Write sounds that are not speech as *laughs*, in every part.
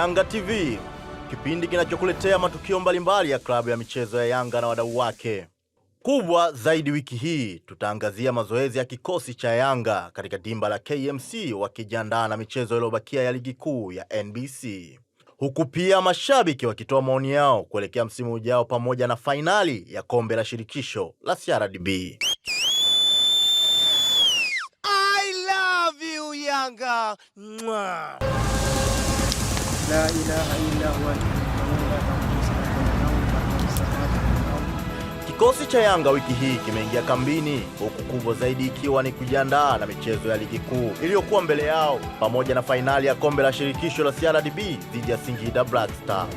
Yanga TV, kipindi kinachokuletea matukio mbalimbali ya klabu ya michezo ya Yanga na wadau wake. Kubwa zaidi wiki hii tutaangazia mazoezi ya kikosi cha Yanga katika dimba la KMC wakijiandaa na michezo iliyobakia ya ligi kuu ya NBC, huku pia mashabiki wakitoa maoni yao kuelekea msimu ujao pamoja na fainali ya kombe la shirikisho la CRDB. I love you Yanga. Mwah la ilaha illa huwa Kikosi cha Yanga wiki hii kimeingia kambini, huku kubwa zaidi ikiwa ni kujiandaa na michezo ya ligi kuu iliyokuwa mbele yao pamoja na fainali ya kombe la shirikisho la CRDB dhidi ya Singida Black Stars.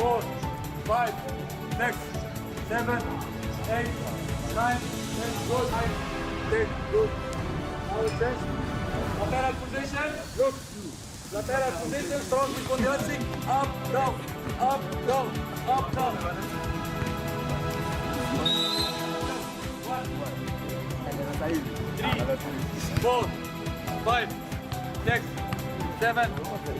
four, five, six, seven, eight, nine, ten, good, nine, ten, good. Now chest, lateral position, look, lateral position, strong recognizing, up, down, up, down, up, down. Three, four, five, six, seven,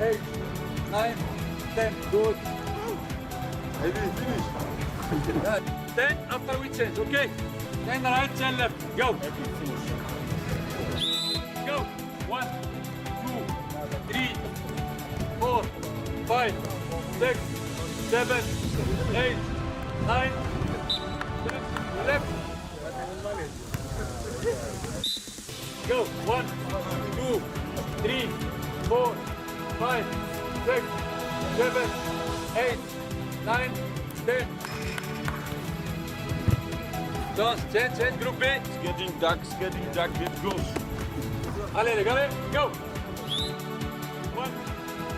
eight, 9, 10, Good. Maybe finish. yeah. *laughs* ten after we change, okay? Ten right, ten left. Go. Go. 1, 2, 3, 4, 5, 6, 7, 8, 9, One, two, three, four, five, six, seven, eight, nine, ten. Left. Go. One. seven, eight, nine, ten. Just ten, ten. group B. It's getting dark, it's getting dark. It goes. Allez, les gars, go. One,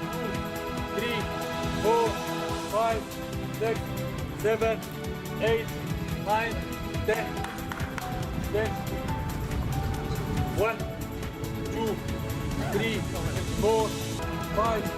two, three, four, five, six, seven, eight, nine, ten. Ten. One, two, three, four, five.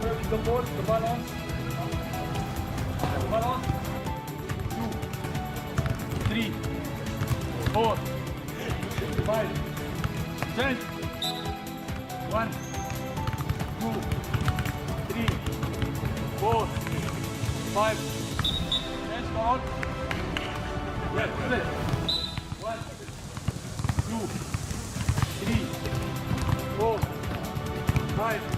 the board, the balance. The balance. Two. Three. Four. Five. Ten. One. Two. Three. Four. Five. Ten. Forward. Left. Left. One.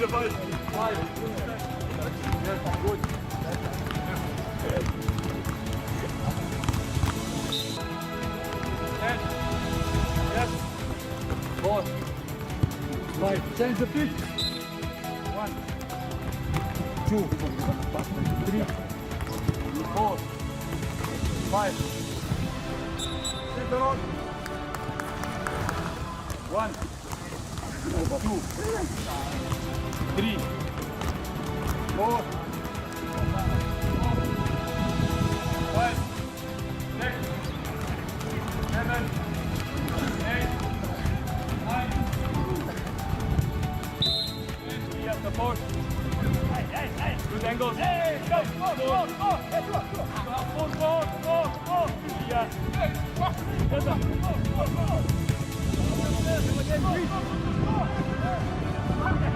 давай. Four. Five. Change the pitch. One. Two. Three. Four. Five. Sit the rock. One. Two. 3 4 5 6 7 support. Hey, hey, hey. Good angles. Hey, go, go, go, go, go, go, go, go, go, go, go. Yeah. Hey, go, go, go, go, go. Go, go, go, go.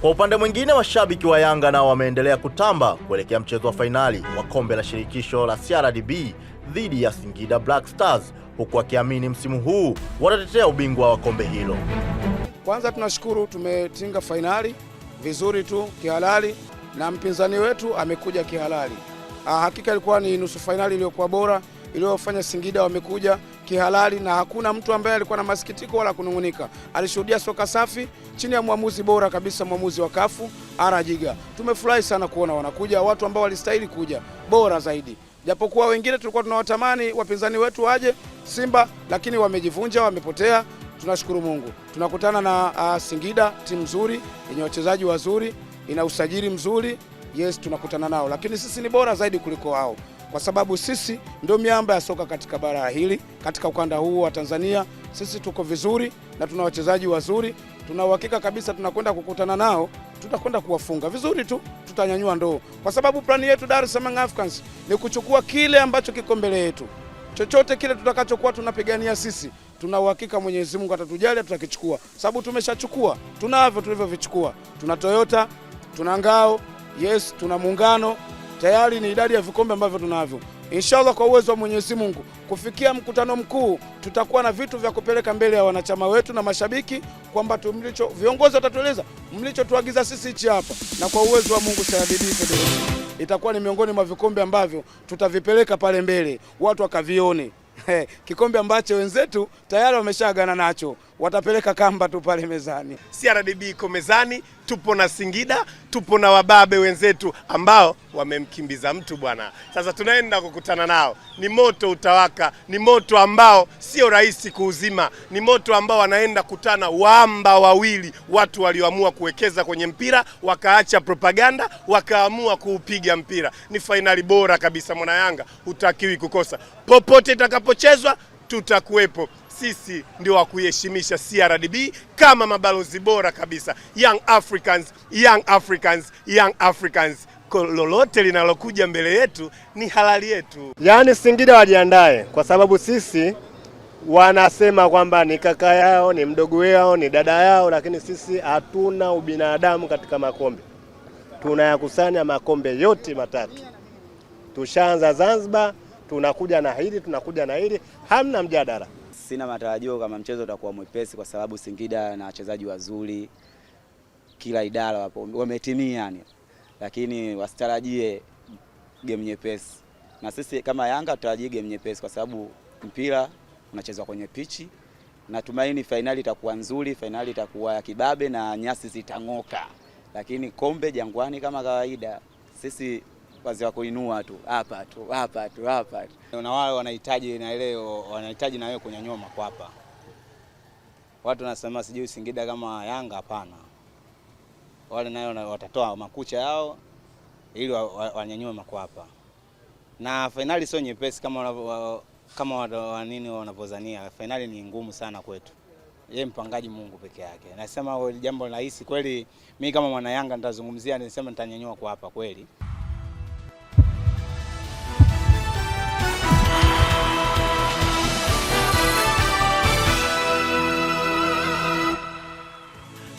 Kwa upande mwingine, washabiki wa Yanga nao wameendelea kutamba kuelekea mchezo wa fainali wa kombe la shirikisho la CRDB dhidi ya Singida Black Stars huku wakiamini msimu huu watatetea ubingwa wa kombe hilo. Kwanza tunashukuru tumetinga fainali vizuri tu kihalali, na mpinzani wetu amekuja kihalali. Ah, hakika ilikuwa ni nusu fainali iliyokuwa bora iliyofanya Singida wamekuja kihalali na hakuna mtu ambaye alikuwa na masikitiko wala kunungunika. Alishuhudia soka safi chini ya mwamuzi bora kabisa, mwamuzi wa kafu Arajiga. Tumefurahi sana kuona wanakuja watu ambao walistahili kuja bora zaidi, japokuwa wengine tulikuwa tunawatamani wapinzani wetu waje Simba, lakini wamejivunja, wamepotea tunashukuru Mungu tunakutana na uh, Singida timu nzuri yenye wachezaji wazuri, ina usajili mzuri. Yes, tunakutana nao, lakini sisi ni bora zaidi kuliko wao kwa sababu sisi ndio miamba ya soka katika bara hili, katika ukanda huu wa Tanzania. Sisi tuko vizuri na tuna wachezaji wazuri, tuna uhakika kabisa tunakwenda kukutana nao, tutakwenda kuwafunga vizuri tu, tutanyanyua ndoo, kwa sababu plani yetu Dar es Salaam Africans ni kuchukua kile ambacho kiko mbele yetu, chochote kile tutakachokuwa tunapigania sisi tuna uhakika Mwenyezi Mungu atatujalia tutakichukua, sababu tumeshachukua, tunavyo tulivyovichukua. Tuna Toyota, tuna ngao, yes, tuna muungano tayari, ni idadi ya vikombe ambavyo tunavyo. Inshallah, kwa uwezo wa Mwenyezi Mungu, kufikia mkutano mkuu tutakuwa na vitu vya kupeleka mbele ya wanachama wetu na mashabiki, kwamba tumlicho viongozi watatueleza mlichotuagiza sisi hichi hapa, na kwa uwezo wa Mungu itakuwa ni miongoni mwa vikombe ambavyo tutavipeleka pale mbele, watu wakavione. *laughs* kikombe ambacho wenzetu tayari wameshaagana nacho watapeleka kamba tu pale mezani. CRDB iko mezani, tupo na Singida, tupo na wababe wenzetu ambao wamemkimbiza mtu bwana. Sasa tunaenda kukutana nao, ni moto utawaka, ni moto ambao sio rahisi kuuzima, ni moto ambao wanaenda kutana waamba wawili, watu walioamua kuwekeza kwenye mpira, wakaacha propaganda, wakaamua kuupiga mpira. Ni fainali bora kabisa, mwana Yanga hutakiwi kukosa, popote itakapochezwa tutakuwepo sisi ndio wa kuiheshimisha CRDB kama mabalozi bora kabisa. Young Africans, Young Africans, Young Africans, lolote linalokuja mbele yetu ni halali yetu. Yaani Singida wajiandae, kwa sababu sisi wanasema kwamba ni kaka yao, ni mdogo wao, ni dada yao, lakini sisi hatuna ubinadamu katika makombe. Tunayakusanya makombe yote matatu, tushaanza Zanzibar, tunakuja na hili, tunakuja na hili, hamna mjadala sina matarajio kama mchezo utakuwa mwepesi, kwa sababu Singida na wachezaji wazuri, kila idara wapo wametimia yani, lakini wasitarajie game nyepesi, na sisi kama Yanga tutarajie game nyepesi, kwa sababu mpira unachezwa kwenye pichi. Natumaini fainali itakuwa nzuri, fainali itakuwa ya kibabe na nyasi zitang'oka, lakini kombe Jangwani kama kawaida sisi kazi ya kuinua tu hapa tu hapa tu hapa tu, na wao wanahitaji na ile wanahitaji na wewe kunyanyua makwapa. Watu wanasema sijui Singida kama Yanga, hapana. Wale nayo watatoa makucha yao ili wanyanyue makwapa, na fainali sio nyepesi kama kama wanini wanavyozania. Fainali ni ngumu sana kwetu, ye mpangaji Mungu peke yake. Nasema jambo rahisi kweli, mimi kama mwana Yanga nitazungumzia, nisema nitanyanyua kwa hapa kweli.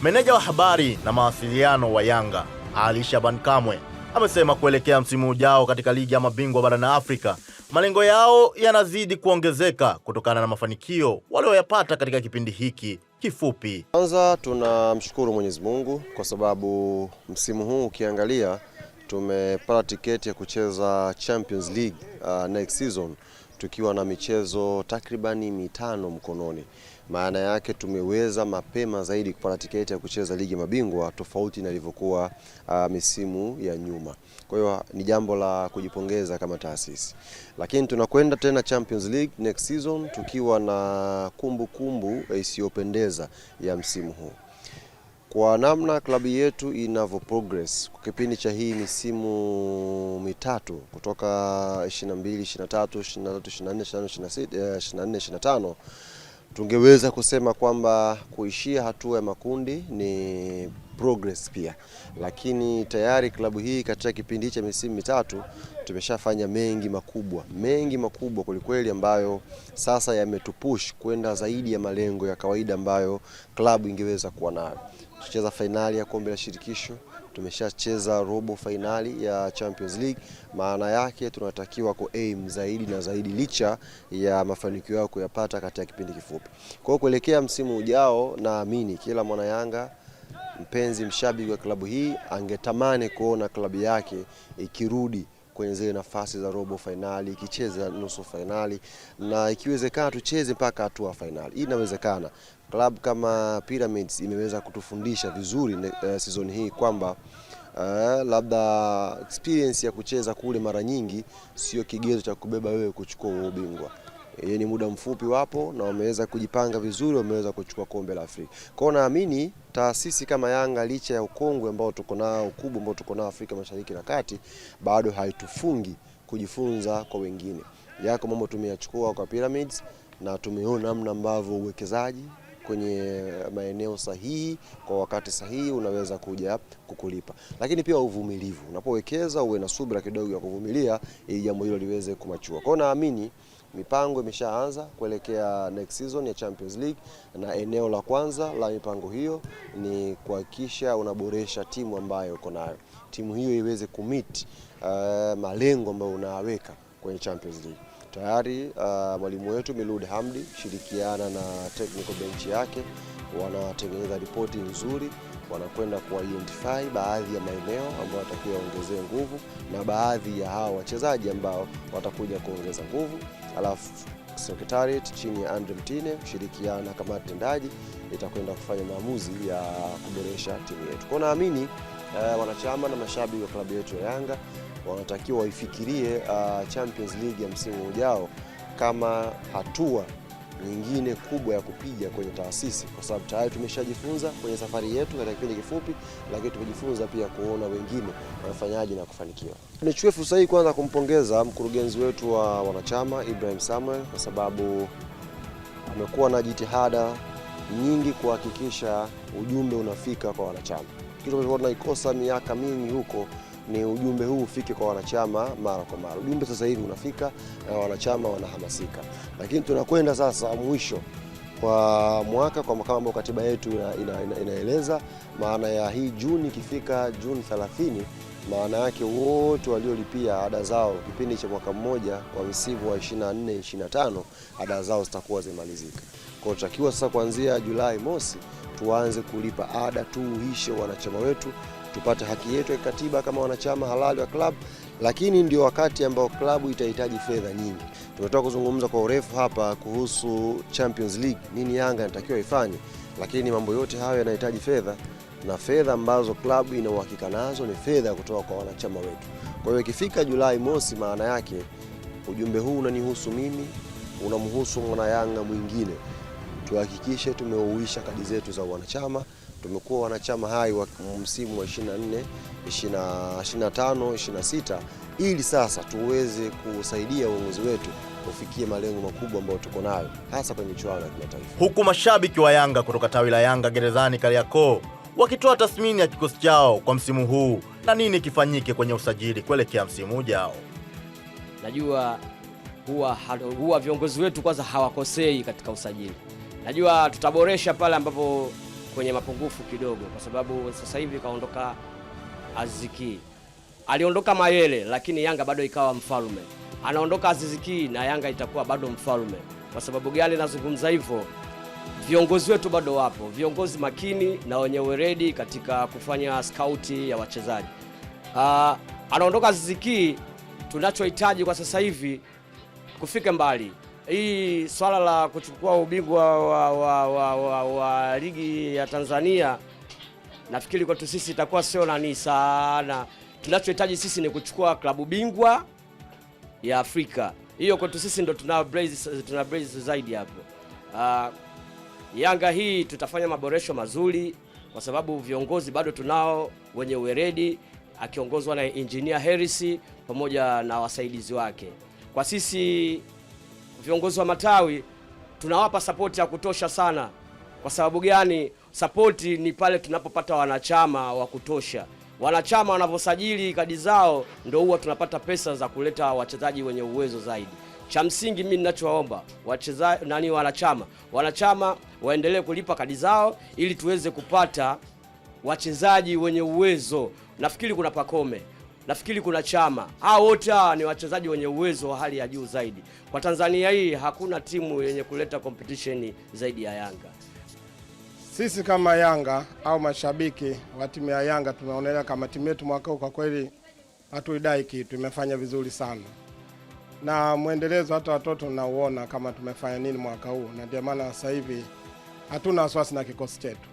Meneja wa habari na mawasiliano wa Yanga Ali Shaban Kamwe amesema kuelekea msimu ujao katika ligi ya mabingwa barani Afrika, malengo yao yanazidi kuongezeka kutokana na mafanikio walioyapata katika kipindi hiki kifupi. Kwanza tunamshukuru Mwenyezi Mungu kwa sababu msimu huu ukiangalia tumepata tiketi ya kucheza Champions League uh, next season tukiwa na michezo takribani mitano mkononi maana yake tumeweza mapema zaidi kupata tiketi ya kucheza ligi mabingwa tofauti na ilivyokuwa uh, misimu ya nyuma. Kwa hiyo ah, ni jambo la kujipongeza kama taasisi, lakini tunakwenda tena Champions League next season tukiwa na kumbukumbu eh, isiyopendeza ya msimu huu kwa namna klabu yetu inavyo progress kwa kipindi cha hii misimu mitatu kutoka 22 23 23 24 25 tungeweza kusema kwamba kuishia hatua ya makundi ni progress pia, lakini tayari klabu hii katika kipindi cha misimu mitatu tumeshafanya mengi makubwa, mengi makubwa kwelikweli, ambayo sasa yametupush kwenda zaidi ya malengo ya kawaida ambayo klabu ingeweza kuwa nayo. Tucheza fainali ya kombe la shirikisho tumeshacheza robo fainali ya Champions League. Maana yake tunatakiwa ku aim zaidi na zaidi, licha ya mafanikio yao kuyapata katika kipindi kifupi. Kwa hiyo kuelekea msimu ujao, naamini kila mwana Yanga mpenzi mshabiki wa klabu hii angetamani kuona klabu yake ikirudi kwenye zile nafasi za robo fainali ikicheza nusu fainali na ikiwezekana tucheze mpaka hatua fainali. Hii inawezekana Club kama Pyramids imeweza kutufundisha vizuri uh, season hii kwamba uh, labda experience ya kucheza kule mara nyingi sio kigezo cha kubeba wewe kuchukua ubingwa. Yeye ni muda mfupi wapo na wameweza kujipanga vizuri, wameweza kuchukua kombe la Afrika. Kwa hiyo naamini taasisi kama Yanga licha ya ukongwe ambao tuko nao, ukubwa ambao tuko nao Afrika Mashariki na Kati, bado haitufungi kujifunza kwa wengine. Yako mambo tumeyachukua kwa Pyramids na tumeona namna ambavyo uwekezaji kwenye maeneo sahihi kwa wakati sahihi, unaweza kuja kukulipa. Lakini pia uvumilivu, unapowekeza uwe na subira kidogo ya kuvumilia ili jambo hilo liweze kumachua. Kwa hiyo naamini mipango imeshaanza kuelekea next season ya Champions League, na eneo la kwanza la mipango hiyo ni kuhakikisha unaboresha timu ambayo uko nayo, timu hiyo iweze kumit uh, eh, malengo ambayo unaweka kwenye Champions League. Tayari ah, mwalimu uh, wetu Milud Hamdi shirikiana na technical bench yake wanatengeneza ripoti nzuri, wanakwenda ku-identify baadhi ya maeneo ambayo watakuwa waongezee nguvu na baadhi ya hawa wachezaji ambao watakuja kuongeza nguvu, alafu Secretariat chini ya Andre Mtine shirikiana na kamati tendaji itakwenda kufanya maamuzi ya kuboresha timu yetu. Kwa naamini uh, wanachama na mashabiki wa klabu yetu ya Yanga wanatakiwa waifikirie uh, Champions League ya msimu ujao kama hatua nyingine kubwa ya kupiga kwenye taasisi, kwa sababu tayari tumeshajifunza kwenye safari yetu katika kipindi kifupi, lakini tumejifunza pia kuona wengine wanafanyaje na kufanikiwa. Nichukue fursa hii kwanza kumpongeza mkurugenzi wetu wa wanachama Ibrahim Samuel kwa sababu amekuwa na jitihada nyingi kuhakikisha ujumbe unafika kwa wanachama, kitu tunaikosa miaka mingi huko ni ujumbe huu ufike kwa wanachama mara kwa mara. Ujumbe sasa hivi unafika na wanachama wanahamasika, lakini tunakwenda sasa mwisho kwa mwaka kwa kama ambao katiba yetu ina, ina, ina, inaeleza maana ya hii Juni. Ikifika Juni 30 maana yake wote waliolipia ada zao kipindi cha mwaka mmoja kwa msimu wa 24 25 ada zao zitakuwa zimemalizika. Kwa hiyo tutakiwa sasa kuanzia Julai mosi tuanze kulipa ada tuuishe wanachama wetu tupate haki yetu ya kikatiba kama wanachama halali wa klabu, lakini ndio wakati ambao klabu itahitaji fedha nyingi. Tumetoka kuzungumza kwa urefu hapa kuhusu Champions League, nini Yanga inatakiwa ifanye, lakini mambo yote hayo yanahitaji fedha na fedha ambazo klabu ina uhakika nazo ni fedha kutoka kwa wanachama wetu. Kwa hiyo ikifika Julai mosi, maana yake ujumbe huu unanihusu mimi, unamhusu mwanayanga mwingine. Tuhakikishe tumeuisha kadi zetu za wanachama. Tumekuwa wanachama hai wa msimu wa 24 25 26 ili sasa tuweze kusaidia uongozi wetu kufikia malengo makubwa ambayo tuko nayo hasa kwenye michuano ya kimataifa. Huku mashabiki wa Yanga kutoka tawi la Yanga gerezani Kariakoo wakitoa tathmini ya kikosi chao kwa msimu huu na nini kifanyike kwenye usajili kuelekea msimu ujao. Najua huwa, huwa viongozi wetu kwanza hawakosei katika usajili. Najua tutaboresha pale ambapo kwenye mapungufu kidogo, kwa sababu sasa hivi kaondoka Aziziki, aliondoka Mayele, lakini Yanga bado ikawa mfalme. Anaondoka Aziziki na Yanga itakuwa bado mfalme. Kwa sababu gani nazungumza hivyo? Viongozi wetu bado wapo, viongozi makini na wenye weredi katika kufanya skauti ya wachezaji. Uh, anaondoka Aziziki, tunachohitaji kwa sasa hivi kufika mbali hii swala la kuchukua ubingwa wa, wa, wa, wa, wa ligi ya Tanzania nafikiri kwetu sisi itakuwa sio nani sana. Tunachohitaji sisi ni kuchukua klabu bingwa ya Afrika. Hiyo kwetu sisi ndo tuna brace, tuna brace zaidi hapo. Uh, Yanga hii tutafanya maboresho mazuri kwa sababu viongozi bado tunao wenye uweredi akiongozwa na Engineer Harris pamoja na wasaidizi wake. Kwa sisi viongozi wa matawi tunawapa sapoti ya kutosha sana. Kwa sababu gani? Sapoti ni pale tunapopata wanachama wa kutosha. Wanachama wanavyosajili kadi zao ndio huwa tunapata pesa za kuleta wachezaji wenye uwezo zaidi. Cha msingi mimi ninachowaomba wachezaji nani, wanachama wanachama waendelee kulipa kadi zao ili tuweze kupata wachezaji wenye uwezo. Nafikiri kuna pakome nafikiri kuna chama hawa wote ni wachezaji wenye uwezo wa hali ya juu zaidi kwa Tanzania hii. Hakuna timu yenye kuleta competition zaidi ya Yanga. Sisi kama Yanga au mashabiki wa timu ya Yanga tunaonelea kama timu yetu mwaka huu kwa kweli hatuidai kitu, imefanya vizuri sana na mwendelezo hata watoto nauona kama tumefanya nini mwaka huu, na ndio maana sasa hivi hatuna wasiwasi na kikosi chetu.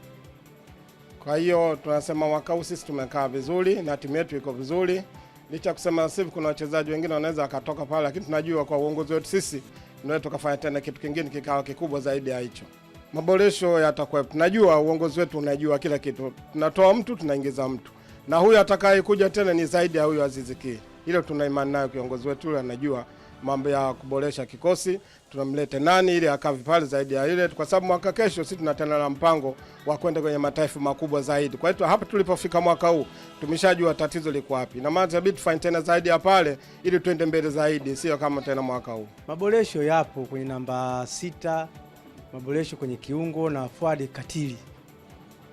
Kwa hiyo tunasema mwaka huu sisi tumekaa vizuri na timu yetu iko vizuri, licha kusema sasa kuna wachezaji wengine wanaweza wakatoka pale, lakini tunajua kwa uongozi wetu sisi ndio tukafanya tena kitu kingine kikawa kikubwa zaidi ya hicho. Maboresho yatakuwepo, tunajua uongozi wetu unajua kila kitu, tunatoa mtu tunaingiza mtu, na huyu atakayekuja tena ni zaidi ya huyu Aziziki. Hilo tuna imani nayo, kiongozi wetu yule anajua mambo ya kuboresha kikosi, tunamlete nani ili akavi pale zaidi ya ile, kwa sababu mwaka kesho sisi tunatana na mpango wa kwenda kwenye mataifa makubwa zaidi. Kwa hiyo hapa tulipofika mwaka huu tumeshajua tatizo liko wapi, na maana inabidi tufanye tena zaidi ya pale ili tuende mbele zaidi, sio kama tena mwaka huu. Maboresho yapo kwenye namba sita, maboresho kwenye kiungo na Fuadi Katili.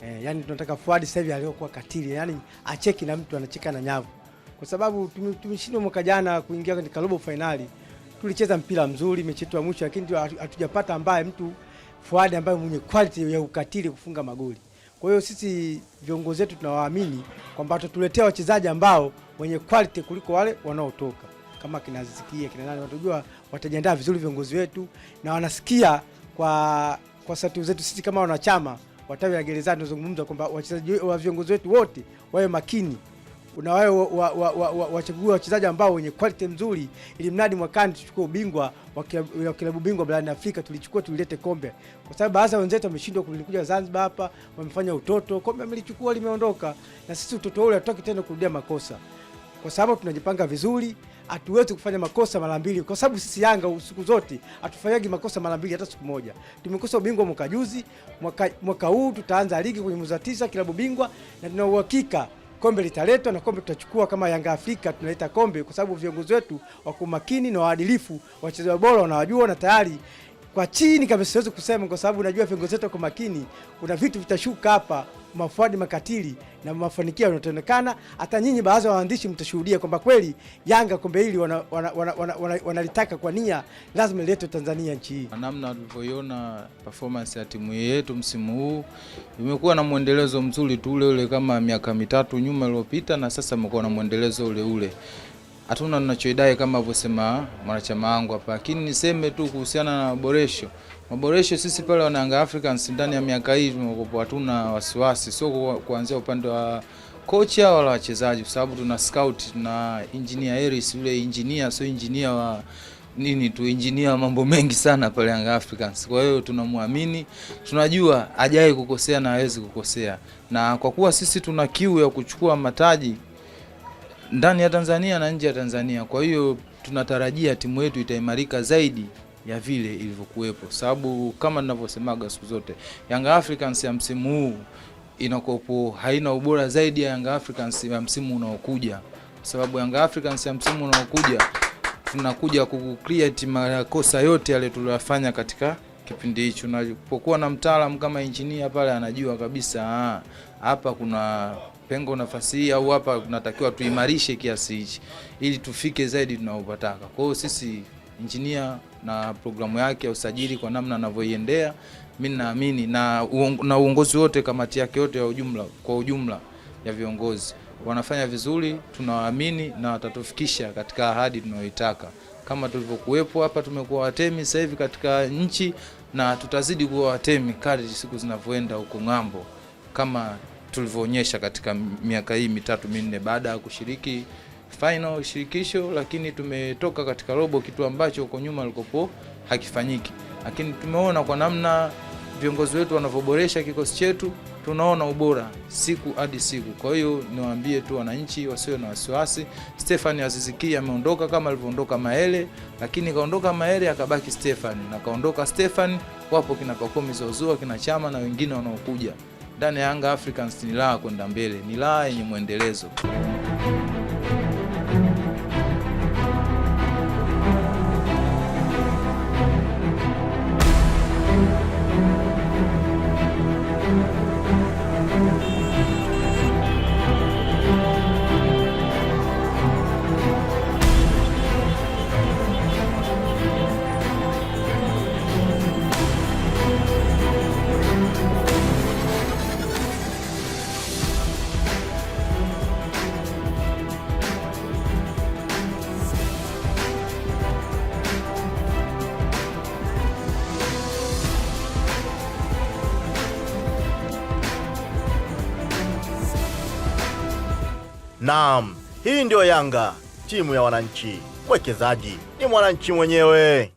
Eh, yani tunataka Fuadi sasa hivi aliyokuwa Katili, yani acheki na mtu anacheka na nyavu, kwa sababu tumeshindwa mwaka jana kuingia katika robo finali tulicheza mpira mzuri mechi yetu ya mwisho, lakini hatujapata ambaye mtu Fuadi ambaye mwenye quality ya ukatili kufunga magoli. Kwa hiyo sisi viongozi wetu tunawaamini kwamba watatuletea wachezaji ambao wenye quality kuliko wale wanaotoka kama kinazisikia kina nani, watajua watajiandaa vizuri viongozi wetu na wanasikia kwa kwa sauti zetu sisi kama wanachama watawi la gerezani tunazungumza kwamba wachezaji wa viongozi wetu wote wawe makini wachagua wa, wa, wachezaji ambao wenye quality nzuri, ili mradi mwakani tuchukue ubingwa wa klabu bingwa barani Afrika, tulichukua tulilete kombe, kwa sababu baadhi ya wenzetu wameshindwa kulikuja Zanzibar hapa, wamefanya utoto, kombe amelichukua limeondoka, na sisi utoto ule hatutoki tena kurudia makosa, kwa sababu tunajipanga vizuri hatuwezi kufanya makosa mara mbili, kwa sababu sisi Yanga siku zote hatufanyagi makosa mara mbili hata siku moja. Tumekosa ubingwa mwaka juzi, mwaka, mwaka huu tutaanza ligi kwenye mwezi wa tisa, kilabu bingwa na tuna uhakika kombe litaletwa na kombe tutachukua kama Yanga Afrika, tunaleta kombe kwa sababu viongozi wetu wako makini na waadilifu, wachezaji bora wanawajua na tayari kwa chini kabisa siwezi kusema, kwa sababu unajua viongozi wetu kwa makini, kuna vitu vitashuka hapa, mafuadi makatili na mafanikio yanaonekana. Hata nyinyi baadhi ya waandishi mtashuhudia kwamba kweli Yanga kombe hili wanalitaka wana, wana, wana, wana, wana kwa nia lazima iletwe Tanzania nchi hii. Namna tulivyoiona performance ya timu yetu msimu huu imekuwa na mwendelezo mzuri tu ule ule kama miaka mitatu nyuma iliyopita, na sasa imekuwa na mwendelezo ule ule hatuna tunachodai kama alivyosema mwanachama wangu hapa, lakini niseme tu kuhusiana na maboresho. Maboresho sisi pale wanaanga Africans ndani ya miaka hii tumekuwa hatuna wasiwasi, sio kuanzia upande wa kocha wala wachezaji, kwa sababu tuna scout, na engineer Harris, yule engineer sio engineer wa nini tu, engineer mambo mengi sana pale Yanga Africans. Kwa hiyo tunamwamini, tunajua ajai kukosea na hawezi kukosea, na kwa kuwa sisi tuna kiu ya kuchukua mataji ndani ya Tanzania na nje ya Tanzania. Kwa hiyo tunatarajia timu yetu itaimarika zaidi ya vile ilivyokuwepo, sababu kama ninavyosemaga siku zote, Yanga Africans ya msimu huu inakopo haina ubora zaidi ya Yanga Africans ya msimu unaokuja, sababu Yanga Africans ya msimu unaokuja tunakuja kucreate makosa yote yale tuliyofanya katika kipindi hicho. Unapokuwa na mtaalamu kama engineer pale, anajua kabisa hapa kuna pengo nafasi hii au hapa tunatakiwa tuimarishe kiasi hichi ili tufike zaidi tunaopataka. Kwa hiyo sisi injinia na programu yake ya usajili kwa namna anavyoiendea, mimi naamini na, na uongozi wote kamati yake yote ya ujumla kwa ujumla ya viongozi wanafanya vizuri, tunawaamini na watatufikisha katika ahadi tunayoitaka. Kama tulivyokuwepo hapa, tumekuwa watemi sasa hivi katika nchi na tutazidi kuwa watemi kadri siku zinavyoenda huko ng'ambo kama tulivyoonyesha katika miaka hii mitatu minne baada ya kushiriki final shirikisho, lakini tumetoka katika robo, kitu ambacho huko nyuma alikopo hakifanyiki. Lakini tumeona kwa namna viongozi wetu wanavyoboresha kikosi chetu, tunaona ubora siku hadi siku. Kwa hiyo niwaambie tu wananchi wasio na wasiwasi. Stefani Aziziki ameondoka kama alivyoondoka Maele, lakini kaondoka Maele akabaki Stefani na kaondoka Stefani, wapo kina Pacome Zouzoua, kina Chama na wengine wanaokuja ndani ya Yanga Africans ni raha kwenda mbele, ni laa yenye mwendelezo. Naam, hii ndiyo Yanga, timu ya wananchi. Mwekezaji ni mwananchi mwenyewe.